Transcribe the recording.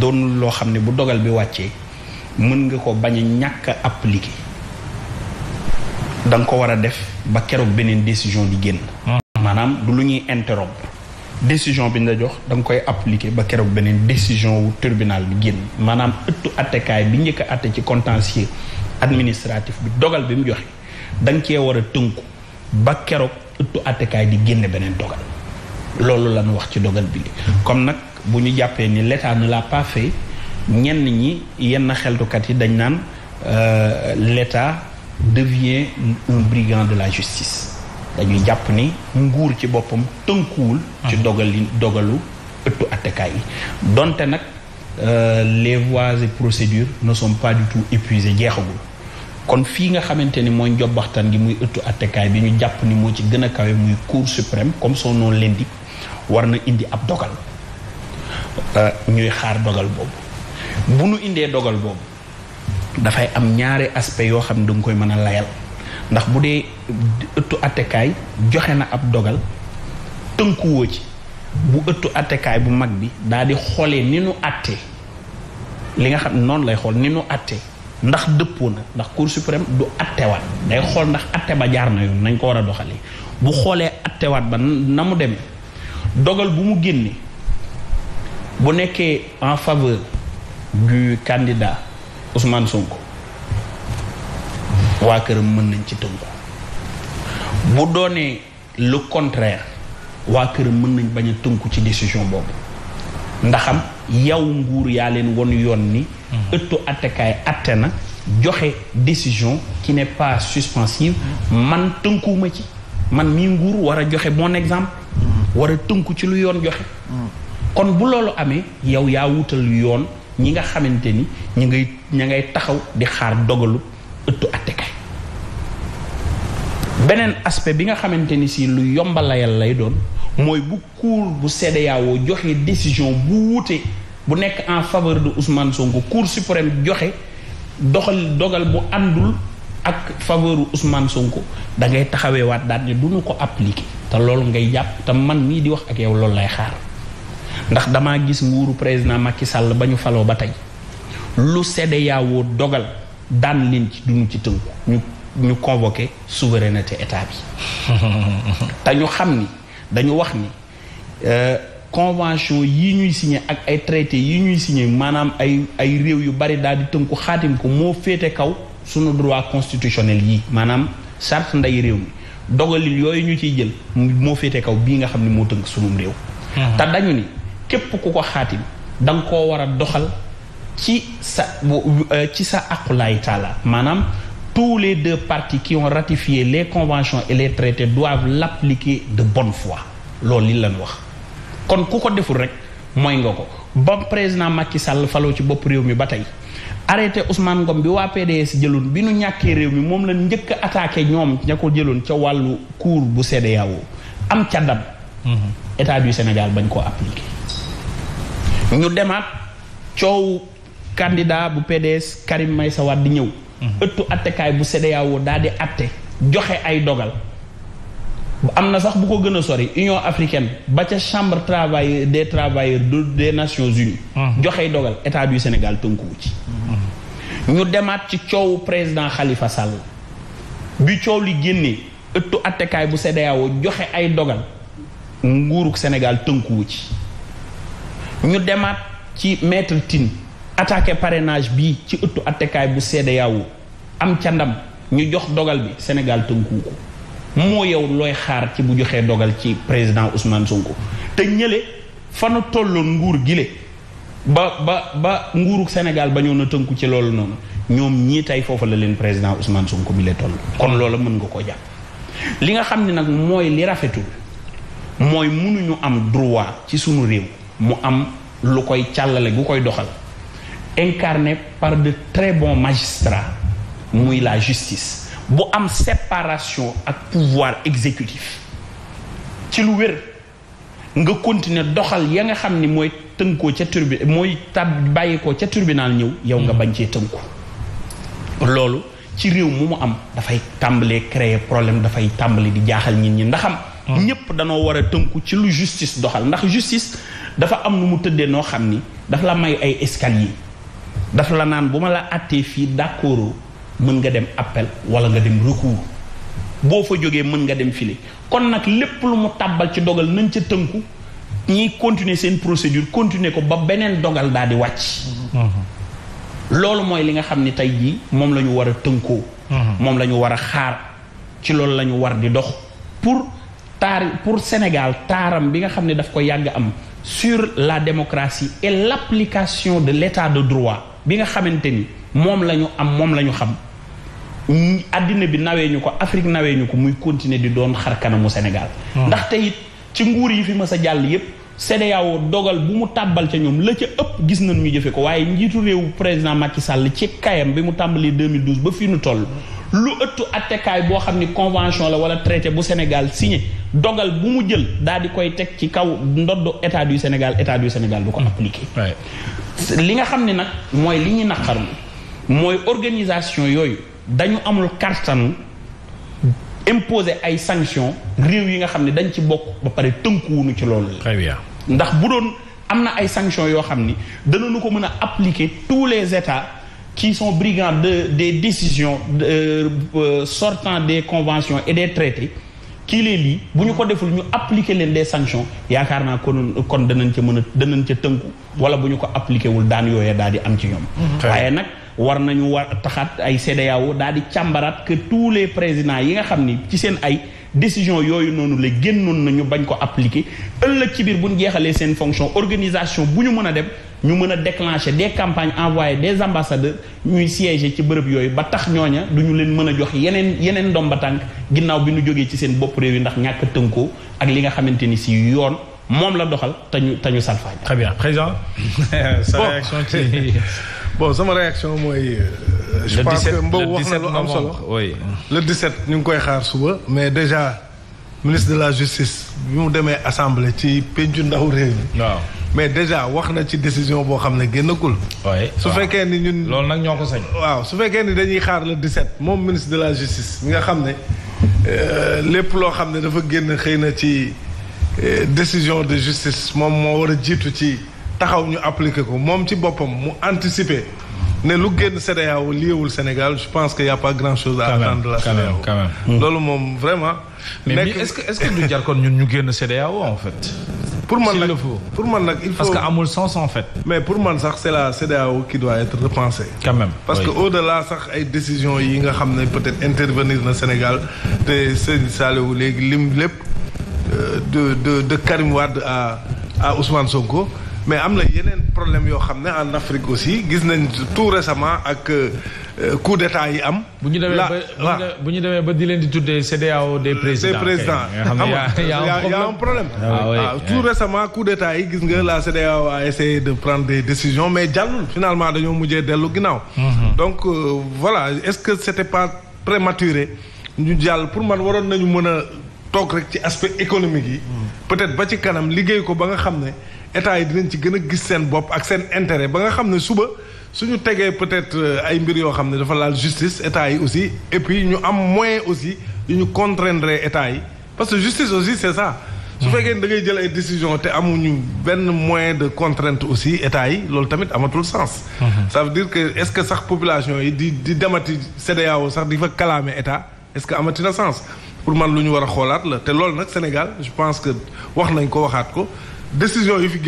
doonul loo xam ne bu dogal bi wàccee mën nga ko bañ a ñàkk a danga ko war a def ba keroog beneen décision di génn maanaam du lu ñuy interrompre décision bi la jox da koy appliqué ba keroog beneen décision wu tribunal bi génn maanaam ëttu attekaay bi njëkk atte ci contentieux administratif bi dogal bi mu joxe da nga cee war a tënku ba keroog ëttu attekaay di génne beneen dogal loolu lañ wax ci dogal bi comme nag bu ñu jàppee ni l'État ne l'a pas fait ñenn ñi yenn xeltukat yi dañ naan euh, l'État devient un brigand de la justice dañuy jàpp ni nguur ci boppam tënkuwul ci ah. dogali dogalu ëttu attekaay yi donte nag euh, les voies et procédures ne sont pas du tout épuisées jeexagul kon fii nga xamante ni mooy njobbaxtan gi muy ëttu attekaay bi ñu jàpp ni moo ci gën a kawe muy cour suprême comme son leen di war na indi ab dogal ñuy xaar dogal boobu bu nu indee dogal boobu dafay am ñaari aspect yoo xam ne da nga koy mën a layal ndax bu dee ëttu attekaay joxe na ab dogal tënkuwoo ci bu ëtt attekaay bu mag bi daal di xoolee ni nu àttee li nga xam noonu lay xool ni nu àttee ndax dëppoo na ndax cour suprême du attewaat day xool ndax ate ba jaar na yoon nañ ko war a doxalee bu xoolee attewaat ba na mu demee dogal bu mu génnee bu nekkee en faveur du candidat Ousmane Sonko waa këram mën nañ ci tënku bu doonee le contraire waa këram mën nañ bañ tënku ci décision boobu ndaxam yow nguur yaa leen won yoon ni ëttu attekaay atte na joxe décision qui n'est pas suspensive man tënkuwuma ci man mii nguur war a joxe bon exemple war a tënku ci lu yoon joxe kon bu loolu amee yow yaa wutal yoon ñi nga xamante ni ñi ngay ña ngay taxaw di xaar dogalu ëttu attekaay beneen aspect bi nga xamante ni si lu yombalayal lay doon mooy bu cour bu CEDEAO joxe décision bu wuute bu nekk en faveur de Ousmane Sonko cour suprême joxe doxal dogal mu àndul ak faveur Ousmane Sonko da ngay taxaweewaat daal ne du ñu ko appliquer te loolu ngay jàpp te man mii di wax ak yow loolu lay xaar. ndax damaa gis nguuru président makki sàll ba ñu faloo ba tey lu sedd CEDEAO dogal daan leen ci duñu ci tënku ñu ñu convoqué souveraineté état bi te ñu xam ni dañu wax ni euh, convention yi ñuy signé ak ay traité yi ñuy signé maanaam ay ay réew yu bari daal di tënku xaatim ko moo féete kaw sunu droit constitutionnel yi maanaam charte nday réew mi dogalil yooyu ñu ciy jël moo féete kaw bii nga xam ni moo tënk sunum réew hmm. te dañu ni képp ku ko xaatim da nga koo war a doxal ci sa euh, ci sa aqulaay taala maanaam tous les deux parties qui ont ratifié les conventions et les traités doivent l'appliquer de bonne fois loolu li lañ wax kon ku ko deful rek mooy nga ko ba président Macky Sall faloo ci bopp réew mi ba tey arrêté Ousmane Ngom bi waa PDS jëloon bi nu ñàkkee réew mi moom la njëkk a attaqué ñoom ña ko jëloon ca wàllu cour bu CEDEAO am ca dam mhm. état du Sénégal bañ koo appliqué ñu demaat coow candidat bu PDS Karim Meïssa Wade di ñëw. Mhm. ëttu attekaay bu CEDEAO daal di atte joxe ay dogal. am na sax bu ko gën a sori Union africaine ba ca chambre travail des travailleurs des Nations Unies. Mhm. joxe dogal état du Sénégal tënkuwu ci. Mhm. ñu demaat ci coow président xalifa Sall. bi coow li génnee ëttu attekaay bu CEDEAO joxe ay dogal nguuruk senegal tënkuwu ci. ñu demaat ci maître tin attaqué parrainage bii ci ëttu attekaay bu CEDEAO am ca ndam ñu jox dogal bi Sénégal tënkuwu ko moo yow looy xaar ci bu joxee dogal ci président Ousmane Sonko te ñële fanu tolloon nguur gile ba ba ba nguuru Sénégal ba ñoo na tënku ci loolu noonu ñoom ñii tey foofa la leen président Ousmane Sonko bi le kon loola mën nga koo jàpp li nga xam ne nag mooy li rafetul mooy mënuñu am droit ci sunu réew mu am lu koy càllale gu koy doxal incarné par de très bon magistrats muy la justice bu am séparation ak pouvoir exécutif ci lu wér nga continuer doxal ya nga xam ni mooy tënkoo ca turbi mooy tab bàyyi ko ca tribunal ñëw yow nga mm-hmm. bañ cee tënku loolu ci réew mu mu am dafay tàmbalee créer problème dafay tàmbali di jaaxal nit ñi am mm-hmm. ñëpp danoo war a tënku ci lu justice doxal ndax justice dafa am nu mu tëddee noo xam ni daf la may ay escalier daf la naan bu ma la àttee fii d'accord mën nga dem appel wala nga dem recours boo fa jógee mën nga dem file kon nag lépp lu mu tàbbal ci dogal nañ ca tënku ñiy continuer seen procédure continuer ko ba beneen dogal daal di wàcc loolu mooy li nga xam ni tey jii moom la ñu war a tënkoo mhm. moom la ñu war a xaar ci loolu lañu war di dox pour taar pour Sénégal taaram bi nga xam ne daf ko yàgg am sur la démocratie et l'application de l'état de droit bi nga xamante ni moom la ñu am moom la ñu xam àddina bi nawee ñu ko Afrique nawee ñu ko muy continuer di doon xar kanamu Sénégal ah. ndax te it ci nguur yi fi mës sa jàll yépp CEDEAO dogal bu mu tàbbal ca ñoom la ca ëpp gis nañ ñu jëfe ko waaye njiitu réew président Macky Sall ci kayam bi mu tàmbali 2012 ba fii nu toll lu ëttu attekaay boo xam ni convention la wala traité bu Sénégal signé dogal bu mu jël daal di koy teg ci kaw ndodd état du Sénégal état du Sénégal du ko hmm. appliqué. li nga xam ne nag mooy li ñu naqarlu mooy organisation yooyu dañu amul kartanu imposer ay sanctions réew yi nga xam ne dañ ci bokk ba pare tënkuwunu ci loolu. très ndax bu doon am na ay sanctions yoo xam ni nu ko mën a appliquer tous les états. qui sont brigands de, des décisions de, euh, euh des conventions et des traités qui les lient bu ñu ko deful ñu appliquer leen des sanctions yaakaar naa kon kon danañ ca mën a danañ ca tënku wala bu ñu ko appliqué wul daan yooyee daal di am ci ñoom mm-hmm. waaye nag war nañu war taxaat ay CEDEAO daal di càmbaraat que tous les présidents yi nga xam ni ci seen ay décision yooyu noonu la génnoon na ñu bañ ko appliquer ëllëg ci biir bu ñu jeexalee seen fonction organisation bu ñu mën a dem ñu mën a déclencher des campagnes envoyé des ambassadeurs ñuy siéger ci bërëb yooyu ba tax ñooña du ñu leen mën a jox yeneen yeneen ndomba tànk ginnaaw bi ñu jógee ci seen bopp réew yi ndax ñàkk tënkoo ak li nga xamante ni si yoon moom la doxal te ñu te ñu salfaañ. très bien président. sa réaction ci bon sama réaction mooy. Euh, je pense que Mbow wax na lu am solo le ñu ngi koy xaar suba mais déjà ministre de la justice bi mu demee assemblée ci pencu ndaw réew mi. waaw mais déjà wax na ci décision boo xam ne génnagul. su fekkee ni ñun. loolu nag ñoo ko sañ. waaw su fekkee ni dañuy xaar le 17 moom ministre de la justice mi nga xam ne euh, lépp loo xam ne dafa génn xëy na ci. décision de justice moom moo war a jiitu ci taxaw ñu appliquer ko moom ci boppam mu anticiper ne lu génn CEDEAO liéwul Sénégal je pense que y' a pas grand chose à attendre de la CEDEAO hmm. loolu moom vraiment mais est-ce que est-ce que du jar génn CEDEAO en fait pour man nag pour man nag il parce que amul sens en fait. mais pour man sax c' est la CEDEAO qui doit être repensée. parce que au delà sax ay décision yi nga xam ne peut être intervenir na Sénégal te sëñ Saliou léegi lim lépp. de de de Karim Wade à à Ousmane Sonko mais am na yeneen problème yoo xam ne en Afrique aussi gis nañ tout récemment ak euh, coup d'état yi am. bu ñu demee ba bu ñu demee ba di leen di tuddee CEDEAO des présidents. des présidents xam nga y' a un problème waaw ah ah, tout récemment coup d'état yi gis nga la CEDEAO a essayé de prendre des décisions mais jàllul finalement dañoo mujjee dellu ginnaaw. Mm-hmm. donc euh, voilà est-ce que c'était pas prématuré ñu jàll pour man waroon nañu mën toog rek ci aspect économique yi. peut-être ba ci kanam liggéey ko ba nga xam ne état yi dinañ ci gën a gis seen bopp ak seen intérêt ba nga xam ne suba suñu tegee peut-être euh, ay mbir yoo xam ne dafa laal justice état yi aussi et puis ñu am moyen aussi yu ñu contraindre état yi parce que justice aussi c'est ça. su fekkee da ngay jël ay décision te amuñu benn moyen de contrainte aussi état yi loolu tamit amatul sens. Mhm. ça veut dire que est-ce que sax population yi di di demati CEDEAO sax di fa kalaame état est-ce que amatina sens. pour man lu ñu war a xoolaat la te loolu nag Sénégal je pense que wax nañ ko waxaat ko décision yi fi